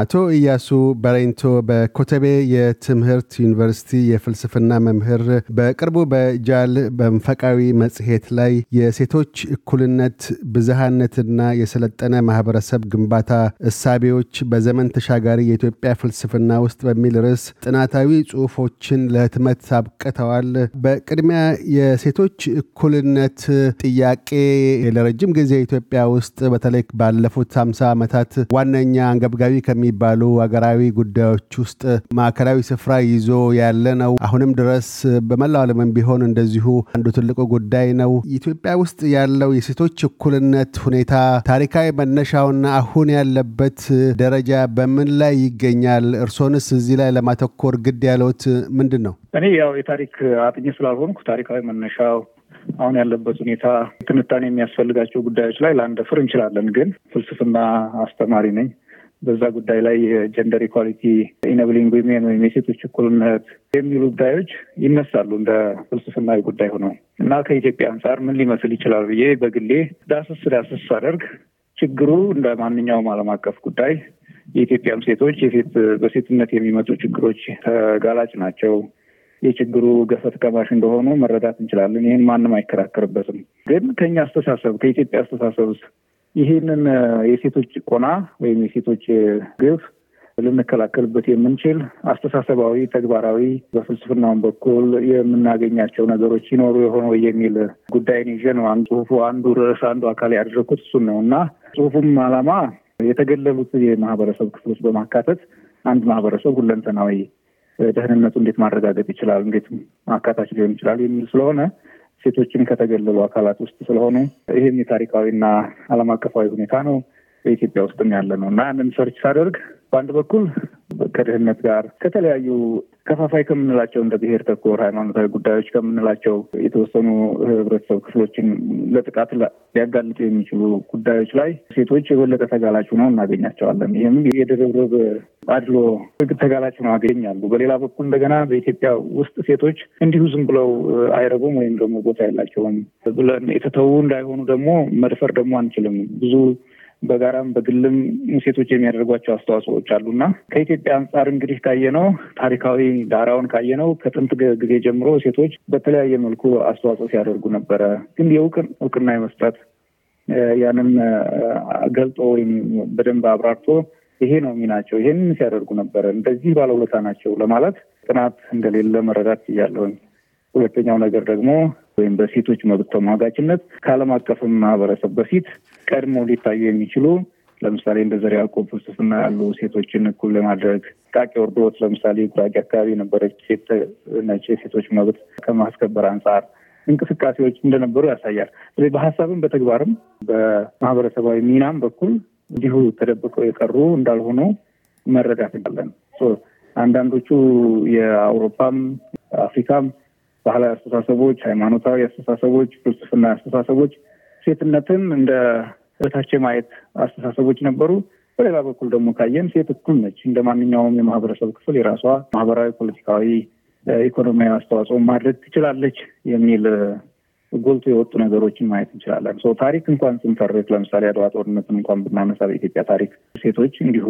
አቶ ኢያሱ በሬንቶ በኮተቤ የትምህርት ዩኒቨርሲቲ የፍልስፍና መምህር በቅርቡ በጃል በንፈቃዊ መጽሔት ላይ የሴቶች እኩልነት ብዝሃነትና የሰለጠነ ማህበረሰብ ግንባታ እሳቤዎች በዘመን ተሻጋሪ የኢትዮጵያ ፍልስፍና ውስጥ በሚል ርዕስ ጥናታዊ ጽሑፎችን ለህትመት አብቅተዋል። በቅድሚያ የሴቶች እኩልነት ጥያቄ ለረጅም ጊዜ ኢትዮጵያ ውስጥ በተለይ ባለፉት 50 ዓመታት ዋነኛ አንገብጋቢ የሚባሉ አገራዊ ጉዳዮች ውስጥ ማዕከላዊ ስፍራ ይዞ ያለ ነው። አሁንም ድረስ በመላው ዓለምም ቢሆን እንደዚሁ አንዱ ትልቁ ጉዳይ ነው። ኢትዮጵያ ውስጥ ያለው የሴቶች እኩልነት ሁኔታ ታሪካዊ መነሻውና አሁን ያለበት ደረጃ በምን ላይ ይገኛል? እርሶንስ እዚህ ላይ ለማተኮር ግድ ያለውት ምንድን ነው? እኔ ያው የታሪክ አጥኚ ስላልሆንኩ ታሪካዊ መነሻው አሁን ያለበት ሁኔታ ትንታኔ የሚያስፈልጋቸው ጉዳዮች ላይ ላንደፍር እንችላለን። ግን ፍልስፍና አስተማሪ ነኝ። በዛ ጉዳይ ላይ የጀንደር ኢኳሊቲ ኢነብሊንግ ዊሜን ወይም የሴቶች እኩልነት የሚሉ ጉዳዮች ይነሳሉ እንደ ፍልስፍናዊ ጉዳይ ሆነው እና ከኢትዮጵያ አንጻር ምን ሊመስል ይችላል ብዬ በግሌ ዳስስ ዳስስ ሳደርግ ችግሩ እንደ ማንኛውም ዓለም አቀፍ ጉዳይ የኢትዮጵያም ሴቶች የሴት በሴትነት የሚመጡ ችግሮች ተጋላጭ ናቸው። የችግሩ ገፈት ቀማሽ እንደሆኑ መረዳት እንችላለን። ይህን ማንም አይከራከርበትም። ግን ከኛ አስተሳሰብ ከኢትዮጵያ አስተሳሰብ ይህንን የሴቶች ጭቆና ወይም የሴቶች ግፍ ልንከላከልበት የምንችል አስተሳሰባዊ፣ ተግባራዊ በፍልስፍናውን በኩል የምናገኛቸው ነገሮች ይኖሩ የሆነ የሚል ጉዳይን ይዤ ነው ጽሁፉ አንዱ ርዕስ አንዱ አካል ያደረኩት እሱን ነው እና ጽሁፉም ዓላማ የተገለሉት የማህበረሰብ ክፍሎች በማካተት አንድ ማህበረሰብ ሁለንተናዊ ደህንነቱ እንዴት ማረጋገጥ ይችላል፣ እንዴት ማካታች ሊሆን ይችላል የሚል ስለሆነ ሴቶችም ከተገለሉ አካላት ውስጥ ስለሆኑ ይህም የታሪካዊና ዓለም አቀፋዊ ሁኔታ ነው። በኢትዮጵያ ውስጥም ያለ ነው እና ያንን ሰርች ሳደርግ በአንድ በኩል ከድህነት ጋር ከተለያዩ ከፋፋይ ከምንላቸው እንደ ብሔር ተኮር ሃይማኖታዊ ጉዳዮች ከምንላቸው የተወሰኑ ህብረተሰብ ክፍሎችን ለጥቃት ሊያጋልጡ የሚችሉ ጉዳዮች ላይ ሴቶች የበለጠ ተጋላጭ ሆነው እናገኛቸዋለን። ይህም የድርብርብ አድሎ ተጋላጭ ሆነው አገኛሉ። በሌላ በኩል እንደገና በኢትዮጵያ ውስጥ ሴቶች እንዲሁ ዝም ብለው አይረቡም ወይም ደግሞ ቦታ የላቸውም ብለን የተተዉ እንዳይሆኑ ደግሞ መድፈር ደግሞ አንችልም ብዙ በጋራም በግልም ሴቶች የሚያደርጓቸው አስተዋጽኦዎች አሉና ከኢትዮጵያ አንጻር እንግዲህ ካየነው ታሪካዊ ዳራውን ካየነው ከጥንት ጊዜ ጀምሮ ሴቶች በተለያየ መልኩ አስተዋጽኦ ሲያደርጉ ነበረ። ግን የእውቅን እውቅና የመስጠት ያንን ገልጦ ወይም በደንብ አብራርቶ ይሄ ነው ሚናቸው፣ ይሄንን ሲያደርጉ ነበረ፣ እንደዚህ ባለውለታ ናቸው ለማለት ጥናት እንደሌለ መረዳት ያለውኝ። ሁለተኛው ነገር ደግሞ ወይም በሴቶች መብት ተሟጋችነት ከዓለም አቀፍ ማህበረሰብ በፊት ቀድሞ ሊታዩ የሚችሉ ለምሳሌ እንደ ዘርዓ ያዕቆብ ፍልስፍና ያሉ ሴቶችን እኩል ለማድረግ ቃቂ ወርዶት ለምሳሌ ጉራጌ አካባቢ የነበረች ሴት ነች። የሴቶች መብት ከማስከበር አንጻር እንቅስቃሴዎች እንደነበሩ ያሳያል። ስለዚህ በሀሳብም በተግባርም በማህበረሰባዊ ሚናም በኩል እንዲሁ ተደብቀው የቀሩ እንዳልሆኑ መረዳት እንዳለን አንዳንዶቹ የአውሮፓም አፍሪካም ባህላዊ አስተሳሰቦች፣ ሃይማኖታዊ አስተሳሰቦች፣ ፍልስፍና አስተሳሰቦች፣ ሴትነትም እንደ በታች ማየት አስተሳሰቦች ነበሩ። በሌላ በኩል ደግሞ ካየን ሴት እኩል ነች። እንደ ማንኛውም የማህበረሰብ ክፍል የራሷ ማህበራዊ፣ ፖለቲካዊ፣ ኢኮኖሚያዊ አስተዋጽኦ ማድረግ ትችላለች የሚል ጎልቶ የወጡ ነገሮችን ማየት እንችላለን። ታሪክ እንኳን ስንፈርስ ለምሳሌ አድዋ ጦርነትን እንኳን ብናነሳ በኢትዮጵያ ታሪክ ሴቶች እንዲሁ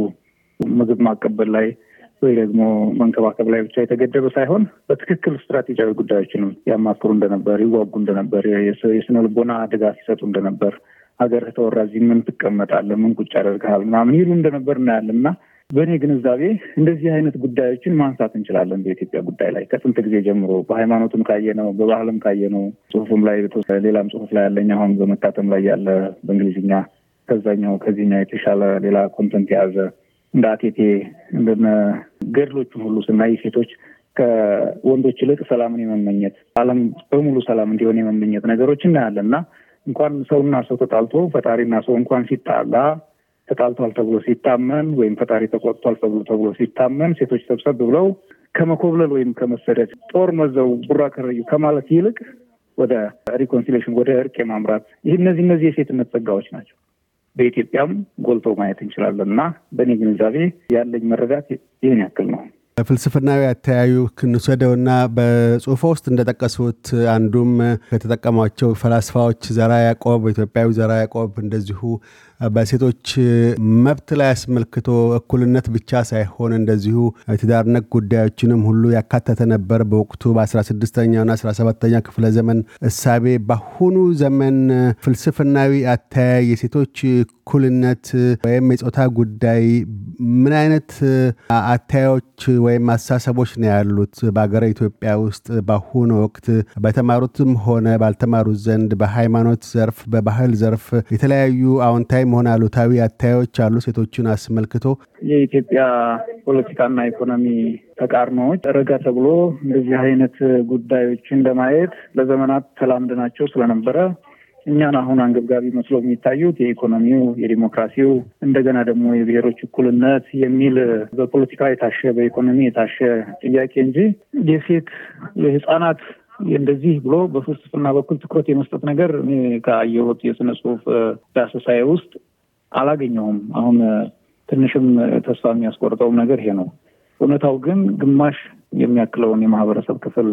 ምግብ ማቀበል ላይ ወይ ደግሞ መንከባከብ ላይ ብቻ የተገደበ ሳይሆን በትክክል ስትራቴጂያዊ ጉዳዮችንም ያማክሩ እንደነበር፣ ይዋጉ እንደነበር፣ የስነ ልቦና ድጋፍ ሲሰጡ እንደነበር፣ ሀገር ተወራ እዚህ ምን ትቀመጣለህ፣ ምን ቁጭ ያደርግሃል ምናምን ይሉ እንደነበር እናያለን እና በእኔ ግንዛቤ እንደዚህ አይነት ጉዳዮችን ማንሳት እንችላለን። በኢትዮጵያ ጉዳይ ላይ ከጥንት ጊዜ ጀምሮ በሃይማኖትም ካየነው፣ በባህልም ካየነው፣ ጽሁፍም ላይ ሌላም ጽሁፍ ላይ ያለኝ አሁን በመታተም ላይ ያለ በእንግሊዝኛ ከዛኛው ከዚህኛ የተሻለ ሌላ ኮንተንት የያዘ እንደ አቴቴ እንደነ ገድሎቹን ሁሉ ስናይ ሴቶች ከወንዶች ይልቅ ሰላምን የመመኘት ዓለም በሙሉ ሰላም እንዲሆን የመመኘት ነገሮች እናያለን እና እንኳን ሰውና ሰው ተጣልቶ ፈጣሪና ሰው እንኳን ሲጣላ ተጣልቷል ተብሎ ሲታመን ወይም ፈጣሪ ተቆጥቷል ተብሎ ተብሎ ሲታመን ሴቶች ሰብሰብ ብለው ከመኮብለል ወይም ከመሰደድ ጦር መዘው ቡራ ከረዩ ከማለት ይልቅ ወደ ሪኮንሲሌሽን ወደ እርቅ የማምራት ይህ እነዚህ እነዚህ የሴትነት ጸጋዎች ናቸው። በኢትዮጵያም ጎልቶ ማየት እንችላለን እና በእኔ ግንዛቤ ያለኝ መረዳት ይህን ያክል ነው። ፍልስፍናዊ አተያዩ ክንውሰደውና በጽሁፎ ውስጥ እንደጠቀሱት አንዱም ከተጠቀሟቸው ፈላስፋዎች ዘራ ያዕቆብ፣ ኢትዮጵያዊ ዘራ ያዕቆብ እንደዚሁ በሴቶች መብት ላይ አስመልክቶ እኩልነት ብቻ ሳይሆን እንደዚሁ ትዳር ጉዳዮችንም ሁሉ ያካተተ ነበር በወቅቱ በ16ኛውና 17 ኛ ክፍለ ዘመን እሳቤ። በአሁኑ ዘመን ፍልስፍናዊ አተያይ የሴቶች እኩልነት ወይም የጾታ ጉዳይ ምን አይነት አተያዮች ወይም አሳሰቦች ነው ያሉት በሀገረ ኢትዮጵያ ውስጥ በአሁኑ ወቅት በተማሩትም ሆነ ባልተማሩት ዘንድ በሃይማኖት ዘርፍ፣ በባህል ዘርፍ የተለያዩ አዎንታይ ሆነ አሉታዊ አታዮች አሉ ሴቶችን አስመልክቶ የኢትዮጵያ ፖለቲካና ኢኮኖሚ ተቃርኖዎች ረጋ ተብሎ እንደዚህ አይነት ጉዳዮችን እንደማየት ለዘመናት ተላምድናቸው ስለነበረ እኛን አሁን አንገብጋቢ መስሎ የሚታዩት የኢኮኖሚው፣ የዲሞክራሲው እንደገና ደግሞ የብሔሮች እኩልነት የሚል በፖለቲካ የታሸ በኢኮኖሚ የታሸ ጥያቄ እንጂ የሴት የህፃናት እንደዚህ ብሎ በፍልስፍና በኩል ትኩረት የመስጠት ነገር እኔ ከአየሁት የስነ ጽሁፍ ዳሰሳዬ ውስጥ አላገኘውም። አሁን ትንሽም ተስፋ የሚያስቆርጠውም ነገር ይሄ ነው። እውነታው ግን ግማሽ የሚያክለውን የማህበረሰብ ክፍል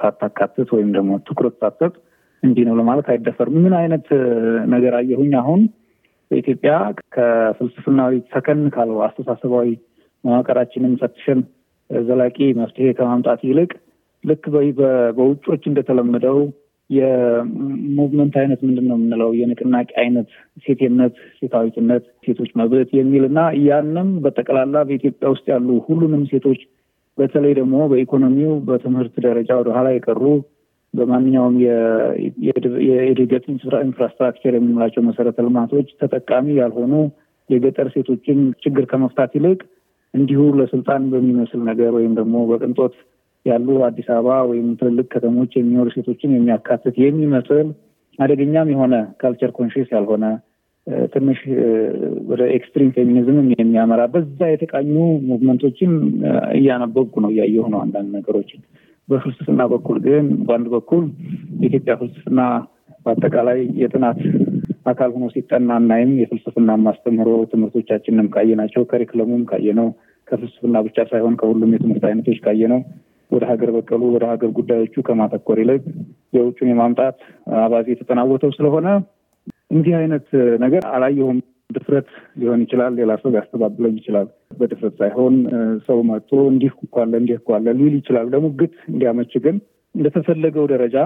ሳታካትት ወይም ደግሞ ትኩረት ሳትሰጥ እንዲህ ነው ለማለት አይደፈርም። ምን አይነት ነገር አየሁኝ? አሁን በኢትዮጵያ ከፍልስፍናዊ ሰከን ካለው አስተሳሰባዊ መዋቅራችንም ፈትሸን ዘላቂ መፍትሄ ከማምጣት ይልቅ ልክ በውጮች እንደተለመደው የሙቭመንት አይነት ምንድን ነው የምንለው የንቅናቄ አይነት ሴቴነት፣ ሴታዊትነት፣ ሴቶች መብት የሚል እና ያንም በጠቅላላ በኢትዮጵያ ውስጥ ያሉ ሁሉንም ሴቶች በተለይ ደግሞ በኢኮኖሚው በትምህርት ደረጃ ወደ ኋላ የቀሩ በማንኛውም የእድገት ኢንፍራስትራክቸር የምንላቸው መሰረተ ልማቶች ተጠቃሚ ያልሆኑ የገጠር ሴቶችን ችግር ከመፍታት ይልቅ እንዲሁ ለስልጣን በሚመስል ነገር ወይም ደግሞ በቅንጦት ያሉ አዲስ አበባ ወይም ትልልቅ ከተሞች የሚኖሩ ሴቶችን የሚያካትት የሚመስል አደገኛም የሆነ ካልቸር ኮንሽስ ያልሆነ ትንሽ ወደ ኤክስትሪም ፌሚኒዝምም የሚያመራ በዛ የተቃኙ ሙቭመንቶችን እያነበብኩ ነው እያየሁ ነው አንዳንድ ነገሮችን። በፍልስፍና በኩል ግን በአንድ በኩል የኢትዮጵያ ፍልስፍና በአጠቃላይ የጥናት አካል ሆኖ ሲጠና እናይም የፍልስፍና ማስተምሮ ትምህርቶቻችንም ካየናቸው ከሪክለሙም ካየነው ከፍልስፍና ብቻ ሳይሆን ከሁሉም የትምህርት አይነቶች ካየነው ወደ ሀገር በቀሉ ወደ ሀገር ጉዳዮቹ ከማተኮር ይልቅ የውጭን የማምጣት አባዜ የተጠናወተው ስለሆነ እንዲህ አይነት ነገር አላየሁም። ድፍረት ሊሆን ይችላል፣ ሌላ ሰው ሊያስተባብለኝ ይችላል። በድፍረት ሳይሆን ሰው መጥቶ እንዲህ እኮ እንዲህ እኮ ሊል ይችላል። ለሙግት እንዲያመች ግን እንደተፈለገው ደረጃ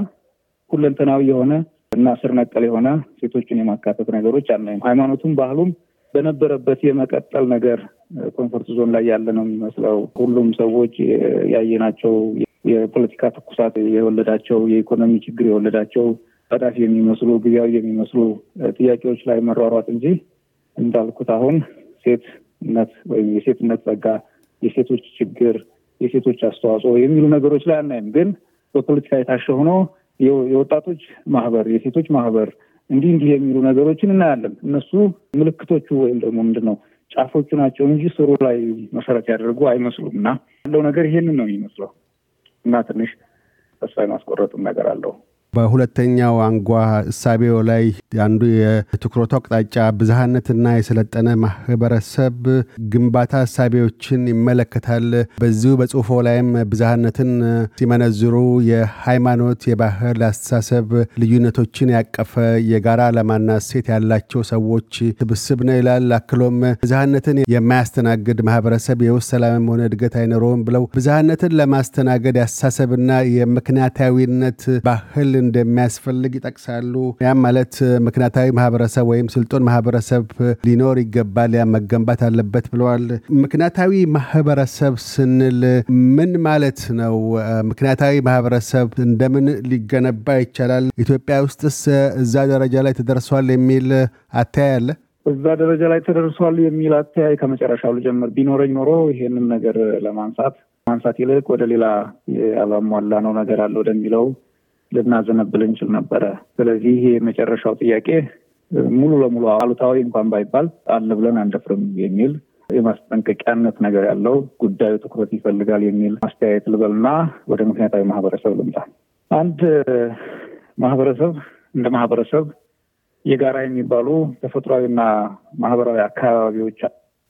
ሁለንተናዊ የሆነ እና ስር ነቀል የሆነ ሴቶችን የማካተት ነገሮች አናይም። ሃይማኖቱም ባህሉም በነበረበት የመቀጠል ነገር ኮንፈርት ዞን ላይ ያለ ነው የሚመስለው። ሁሉም ሰዎች ያየናቸው የፖለቲካ ትኩሳት የወለዳቸው የኢኮኖሚ ችግር የወለዳቸው ጠዳፊ የሚመስሉ ጊዜያዊ የሚመስሉ ጥያቄዎች ላይ መሯሯጥ እንጂ እንዳልኩት አሁን ሴትነት ወይም የሴትነት ጸጋ፣ የሴቶች ችግር፣ የሴቶች አስተዋጽኦ የሚሉ ነገሮች ላይ አናይም። ግን በፖለቲካ የታሸ ሆኖ የወጣቶች ማህበር፣ የሴቶች ማህበር እንዲህ እንዲህ የሚሉ ነገሮችን እናያለን። እነሱ ምልክቶቹ ወይም ደግሞ ምንድን ነው ጫፎቹ ናቸው እንጂ ስሩ ላይ መሰረት ያደርጉ አይመስሉም። እና ያለው ነገር ይሄንን ነው የሚመስለው እና ትንሽ ተስፋ የማስቆረጥም ነገር አለው። በሁለተኛው አንጓ እሳቤው ላይ አንዱ የትኩረቱ አቅጣጫ ብዝሃነትና የሰለጠነ ማህበረሰብ ግንባታ እሳቤዎችን ይመለከታል። በዚሁ በጽሁፎ ላይም ብዝሃነትን ሲመነዝሩ የሃይማኖት፣ የባህል፣ አስተሳሰብ ልዩነቶችን ያቀፈ የጋራ ዓላማና እሴት ያላቸው ሰዎች ስብስብ ነው ይላል። አክሎም ብዝሃነትን የማያስተናግድ ማህበረሰብ የውስጥ ሰላምም ሆነ እድገት አይኖረውም ብለው ብዝሃነትን ለማስተናገድ ያሳሰብና የምክንያታዊነት ባህል እንደሚያስፈልግ ይጠቅሳሉ። ያም ማለት ምክንያታዊ ማህበረሰብ ወይም ስልጡን ማህበረሰብ ሊኖር ይገባል፣ ያ መገንባት አለበት ብለዋል። ምክንያታዊ ማህበረሰብ ስንል ምን ማለት ነው? ምክንያታዊ ማህበረሰብ እንደምን ሊገነባ ይቻላል? ኢትዮጵያ ውስጥስ እዛ ደረጃ ላይ ተደርሷል የሚል አተያይ አለ? እዛ ደረጃ ላይ ተደርሷል የሚል አተያይ ከመጨረሻው ልጀምር። ቢኖረኝ ኖሮ ይሄንን ነገር ለማንሳት ማንሳት ይልቅ ወደ ሌላ አላሟላ ነው ነገር አለ ወደሚለው ልናዘነብል እንችል ነበረ። ስለዚህ ይሄ የመጨረሻው ጥያቄ ሙሉ ለሙሉ አሉታዊ እንኳን ባይባል አለ ብለን አንደፍርም የሚል የማስጠንቀቂያነት ነገር ያለው ጉዳዩ ትኩረት ይፈልጋል የሚል አስተያየት ልበልና ወደ ምክንያታዊ ማህበረሰብ ልምጣ። አንድ ማህበረሰብ እንደ ማህበረሰብ የጋራ የሚባሉ ተፈጥሯዊና ማህበራዊ አካባቢዎች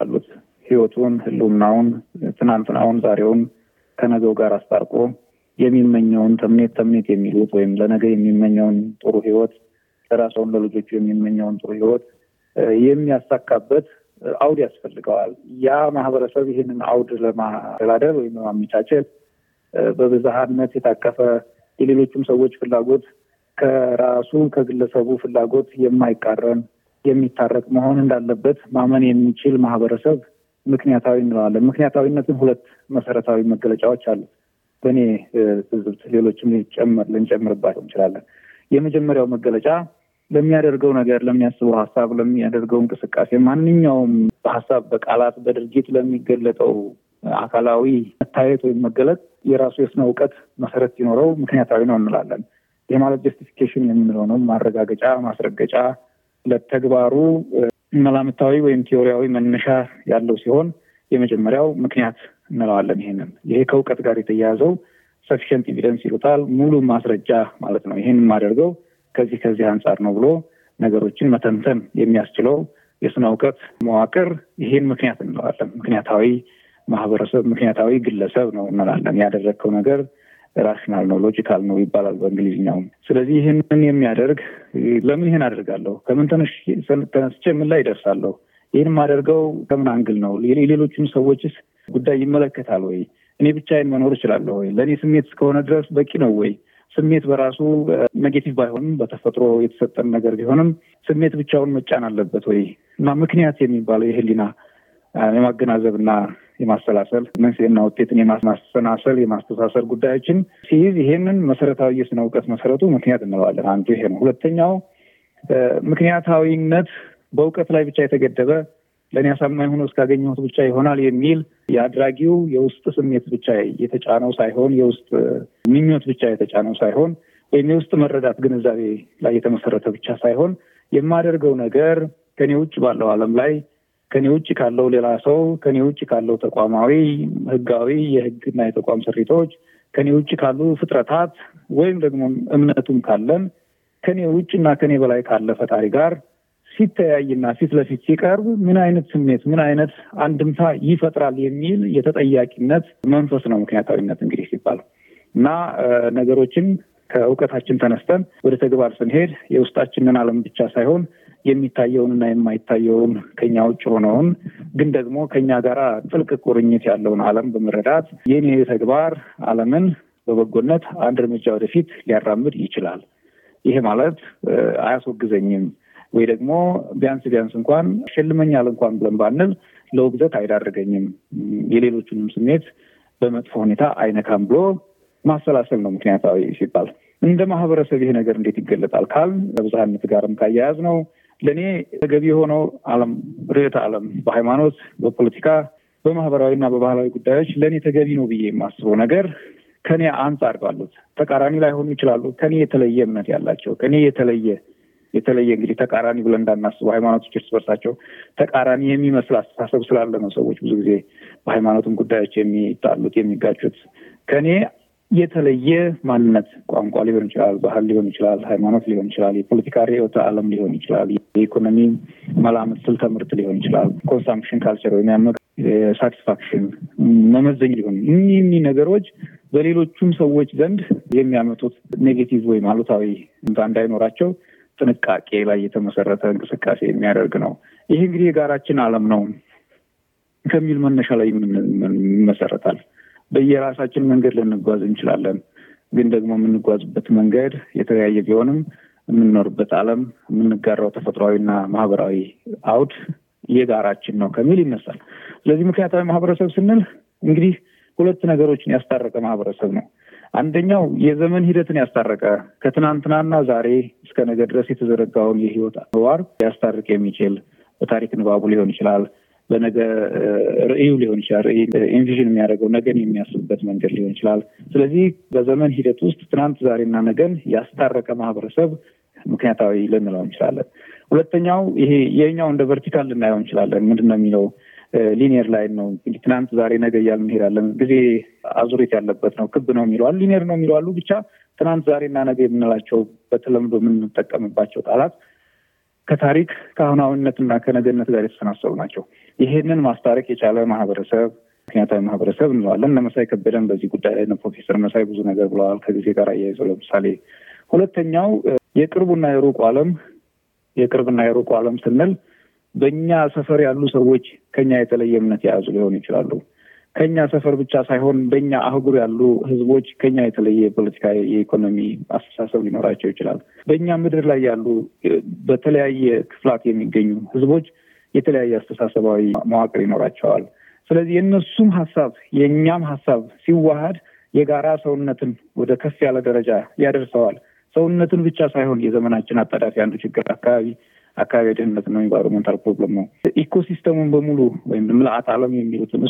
አሉት። ህይወቱን፣ ህልውናውን፣ ትናንትናውን፣ ዛሬውን ከነገው ጋር አስታርቆ የሚመኘውን ተምኔት ተምኔት የሚሉት ወይም ለነገ የሚመኘውን ጥሩ ህይወት ለራሰውን ለልጆቹ የሚመኘውን ጥሩ ህይወት የሚያሳካበት አውድ ያስፈልገዋል። ያ ማህበረሰብ ይህንን አውድ ለማደላደል ወይም ለማመቻቸት በብዝሃነት የታቀፈ የሌሎችም ሰዎች ፍላጎት ከራሱ ከግለሰቡ ፍላጎት የማይቃረን የሚታረቅ መሆን እንዳለበት ማመን የሚችል ማህበረሰብ ምክንያታዊ እንለዋለን። ምክንያታዊነትን ሁለት መሰረታዊ መገለጫዎች አሉት። በእኔ ትዝብት ሌሎችም ልንጨምርባቸው እንችላለን። የመጀመሪያው መገለጫ ለሚያደርገው ነገር፣ ለሚያስበው ሀሳብ፣ ለሚያደርገው እንቅስቃሴ ማንኛውም በሀሳብ በቃላት በድርጊት ለሚገለጠው አካላዊ መታየት ወይም መገለጥ የራሱ የስነ እውቀት መሰረት ሲኖረው ምክንያታዊ ነው እንላለን። ይህ ማለት ጀስቲፊኬሽን የምንለው ነው። ማረጋገጫ ማስረገጫ ለተግባሩ መላምታዊ ወይም ቴዎሪያዊ መነሻ ያለው ሲሆን የመጀመሪያው ምክንያት እንለዋለን። ይሄንን ይሄ ከእውቀት ጋር የተያያዘው ሰፊሸንት ኤቪደንስ ይሉታል፣ ሙሉ ማስረጃ ማለት ነው። ይሄን የማደርገው ከዚህ ከዚህ አንጻር ነው ብሎ ነገሮችን መተንተን የሚያስችለው የስነ እውቀት መዋቅር ይሄን ምክንያት እንለዋለን። ምክንያታዊ ማህበረሰብ፣ ምክንያታዊ ግለሰብ ነው እንላለን። ያደረግከው ነገር ራሽናል ነው ሎጂካል ነው ይባላል በእንግሊዝኛውም። ስለዚህ ይህንን የሚያደርግ ለምን ይህን አደርጋለሁ፣ ከምን ተነስቼ ምን ላይ ይደርሳለሁ፣ ይህን የማደርገው ከምን አንግል ነው፣ የሌሎችን ሰዎችስ ጉዳይ ይመለከታል ወይ? እኔ ብቻዬን መኖር እችላለሁ ወይ? ለእኔ ስሜት እስከሆነ ድረስ በቂ ነው ወይ? ስሜት በራሱ ኔጌቲቭ ባይሆንም በተፈጥሮ የተሰጠን ነገር ቢሆንም ስሜት ብቻውን መጫን አለበት ወይ እና ምክንያት የሚባለው የህሊና የማገናዘብና የማሰላሰል መንስኤና ውጤትን የማሰናሰል የማስተሳሰል ጉዳዮችን ሲይዝ ይሄንን መሰረታዊ የስነ እውቀት መሰረቱ ምክንያት እንለዋለን። አንዱ ይሄ ነው። ሁለተኛው ምክንያታዊነት በእውቀት ላይ ብቻ የተገደበ ለእኔ አሳማኝ ሆኖ እስካገኘሁት ብቻ ይሆናል የሚል የአድራጊው የውስጥ ስሜት ብቻ የተጫነው ሳይሆን የውስጥ ምኞት ብቻ የተጫነው ሳይሆን ወይም የውስጥ መረዳት ግንዛቤ ላይ የተመሰረተ ብቻ ሳይሆን የማደርገው ነገር ከኔ ውጭ ባለው ዓለም ላይ ከኔ ውጭ ካለው ሌላ ሰው ከኔ ውጭ ካለው ተቋማዊ ህጋዊ የህግና የተቋም ስሪቶች ከኔ ውጭ ካሉ ፍጥረታት ወይም ደግሞ እምነቱም ካለን ከኔ ውጭና ከኔ በላይ ካለ ፈጣሪ ጋር ሲተያይና ፊት ለፊት ሲቀርብ ምን አይነት ስሜት ምን አይነት አንድምታ ይፈጥራል የሚል የተጠያቂነት መንፈስ ነው ምክንያታዊነት እንግዲህ ሲባል እና ነገሮችን ከእውቀታችን ተነስተን ወደ ተግባር ስንሄድ የውስጣችንን አለም ብቻ ሳይሆን የሚታየውንና የማይታየውን ከኛ ውጭ ሆነውን ግን ደግሞ ከኛ ጋር ጥልቅ ቁርኝት ያለውን አለም በመረዳት የኔ ተግባር አለምን በበጎነት አንድ እርምጃ ወደፊት ሊያራምድ ይችላል። ይሄ ማለት አያስወግዘኝም ወይ ደግሞ ቢያንስ ቢያንስ እንኳን ሽልመኛል እንኳን ብለን ባንል ለውግዘት አይዳርገኝም፣ የሌሎቹንም ስሜት በመጥፎ ሁኔታ አይነካም ብሎ ማሰላሰል ነው ምክንያታዊ ሲባል። እንደ ማህበረሰብ ይሄ ነገር እንዴት ይገለጣል ካል ከብዝሃነት ጋርም ካያያዝ ነው ለእኔ ተገቢ የሆነው ዓለም ርዕዮተ ዓለም በሃይማኖት፣ በፖለቲካ፣ በማህበራዊና በባህላዊ ጉዳዮች ለእኔ ተገቢ ነው ብዬ የማስበው ነገር ከኔ አንጻር ባሉት ተቃራኒ ላይሆኑ ይችላሉ። ከኔ የተለየ እምነት ያላቸው ከኔ የተለየ የተለየ እንግዲህ ተቃራኒ ብለን እንዳናስበው ሃይማኖቶች እርስ በርሳቸው ተቃራኒ የሚመስል አስተሳሰብ ስላለ ነው ሰዎች ብዙ ጊዜ በሃይማኖትም ጉዳዮች የሚጣሉት የሚጋጩት። ከኔ የተለየ ማንነት ቋንቋ ሊሆን ይችላል፣ ባህል ሊሆን ይችላል፣ ሃይማኖት ሊሆን ይችላል፣ የፖለቲካ ርዕዮተ ዓለም ሊሆን ይችላል፣ የኢኮኖሚ መላምት ስል ምርት ሊሆን ይችላል፣ ኮንሳምፕሽን ካልቸር ወይም ያመ ሳቲስፋክሽን መመዘኝ ሊሆን እኒህ ነገሮች በሌሎቹም ሰዎች ዘንድ የሚያመጡት ኔጌቲቭ ወይም አሉታዊ እንዳይኖራቸው ጥንቃቄ ላይ የተመሰረተ እንቅስቃሴ የሚያደርግ ነው። ይህ እንግዲህ የጋራችን ዓለም ነው ከሚል መነሻ ላይ ይመሰረታል። በየራሳችን መንገድ ልንጓዝ እንችላለን። ግን ደግሞ የምንጓዝበት መንገድ የተለያየ ቢሆንም የምንኖርበት ዓለም የምንጋራው ተፈጥሯዊና ማህበራዊ አውድ የጋራችን ነው ከሚል ይነሳል። ስለዚህ ምክንያታዊ ማህበረሰብ ስንል እንግዲህ ሁለት ነገሮችን ያስታረቀ ማህበረሰብ ነው። አንደኛው የዘመን ሂደትን ያስታረቀ ከትናንትናና ዛሬ እስከ ነገ ድረስ የተዘረጋውን የህይወት ዋር ሊያስታርቅ የሚችል በታሪክ ንባቡ ሊሆን ይችላል። በነገ ርእዩ ሊሆን ይችላል። ኢንቪዥን የሚያደርገው ነገን የሚያስብበት መንገድ ሊሆን ይችላል። ስለዚህ በዘመን ሂደት ውስጥ ትናንት፣ ዛሬና ነገን ያስታረቀ ማህበረሰብ ምክንያታዊ ልንለው እንችላለን። ሁለተኛው ይሄ የኛው እንደ ቨርቲካል ልናየው እንችላለን። ምንድን ነው የሚለው ሊኒየር ላይ ነው እንግዲህ ትናንት ዛሬ ነገ እያልን እንሄዳለን። ጊዜ አዙሪት ያለበት ነው። ክብ ነው የሚለዋል፣ ሊኒየር ነው የሚለዋሉ። ብቻ ትናንት ዛሬና ነገ የምንላቸው በተለምዶ የምንጠቀምባቸው ቃላት ከታሪክ ከአሁናዊነትና ከነገነት ጋር የተሰናሰሉ ናቸው። ይሄንን ማስታረቅ የቻለ ማህበረሰብ ምክንያታዊ ማህበረሰብ እንለዋለን። እነ መሳይ ከበደን በዚህ ጉዳይ ላይ ፕሮፌሰር መሳይ ብዙ ነገር ብለዋል ከጊዜ ጋር አያይዘው። ለምሳሌ ሁለተኛው የቅርቡና የሩቁ ዓለም የቅርብና የሩቁ ዓለም ስንል በእኛ ሰፈር ያሉ ሰዎች ከኛ የተለየ እምነት የያዙ ሊሆኑ ይችላሉ። ከኛ ሰፈር ብቻ ሳይሆን በእኛ አህጉር ያሉ ህዝቦች ከኛ የተለየ የፖለቲካ የኢኮኖሚ አስተሳሰብ ሊኖራቸው ይችላል። በእኛ ምድር ላይ ያሉ በተለያየ ክፍላት የሚገኙ ህዝቦች የተለያየ አስተሳሰባዊ መዋቅር ይኖራቸዋል። ስለዚህ የእነሱም ሀሳብ የእኛም ሀሳብ ሲዋሃድ የጋራ ሰውነትን ወደ ከፍ ያለ ደረጃ ያደርሰዋል። ሰውነትን ብቻ ሳይሆን የዘመናችን አጣዳፊ አንዱ ችግር አካባቢ አካባቢ ደህንነት ነው፣ ኢንቫይሮንመንታል ፕሮብለም ነው። ኢኮሲስተሙን በሙሉ ወይም ምልአት ዓለም የሚሉትን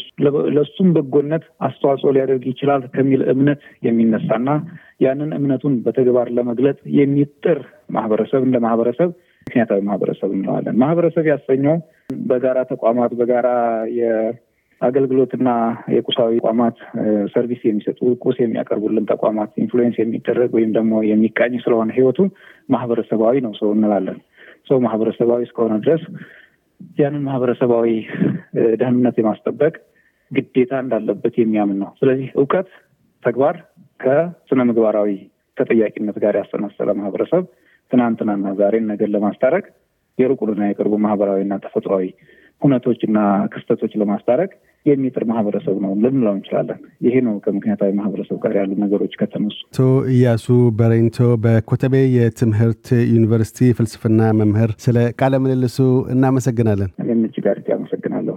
ለእሱም በጎነት አስተዋጽኦ ሊያደርግ ይችላል ከሚል እምነት የሚነሳና ያንን እምነቱን በተግባር ለመግለጽ የሚጥር ማህበረሰብ እንደ ማህበረሰብ ምክንያታዊ ማህበረሰብ እንለዋለን። ማህበረሰብ ያሰኘው በጋራ ተቋማት በጋራ አገልግሎትና የቁሳዊ ተቋማት ሰርቪስ የሚሰጡ ቁስ የሚያቀርቡልን ተቋማት ኢንፍሉዌንስ የሚደረግ ወይም ደግሞ የሚቃኝ ስለሆነ ህይወቱ ማህበረሰባዊ ነው ሰው እንላለን። ሰው ማህበረሰባዊ እስከሆነ ድረስ ያንን ማህበረሰባዊ ደህንነት የማስጠበቅ ግዴታ እንዳለበት የሚያምን ነው። ስለዚህ እውቀት ተግባር ከስነ ምግባራዊ ተጠያቂነት ጋር ያሰናሰለ ማህበረሰብ ትናንትናና ዛሬን ነገር ለማስታረቅ የሩቁንና የቅርቡ ማህበራዊና ተፈጥሯዊ ሁነቶችና ክስተቶች ለማስታረቅ የሚጥር ማህበረሰብ ነው ልንለው እንችላለን። ይሄ ነው ከምክንያታዊ ማህበረሰብ ጋር ያሉ ነገሮች ከተነሱ። አቶ እያሱ በሬንቶ በኮተቤ የትምህርት ዩኒቨርሲቲ ፍልስፍና መምህር፣ ስለ ቃለ ምልልሱ እናመሰግናለን። እኔም እጅግ አድርጌ አመሰግናለሁ።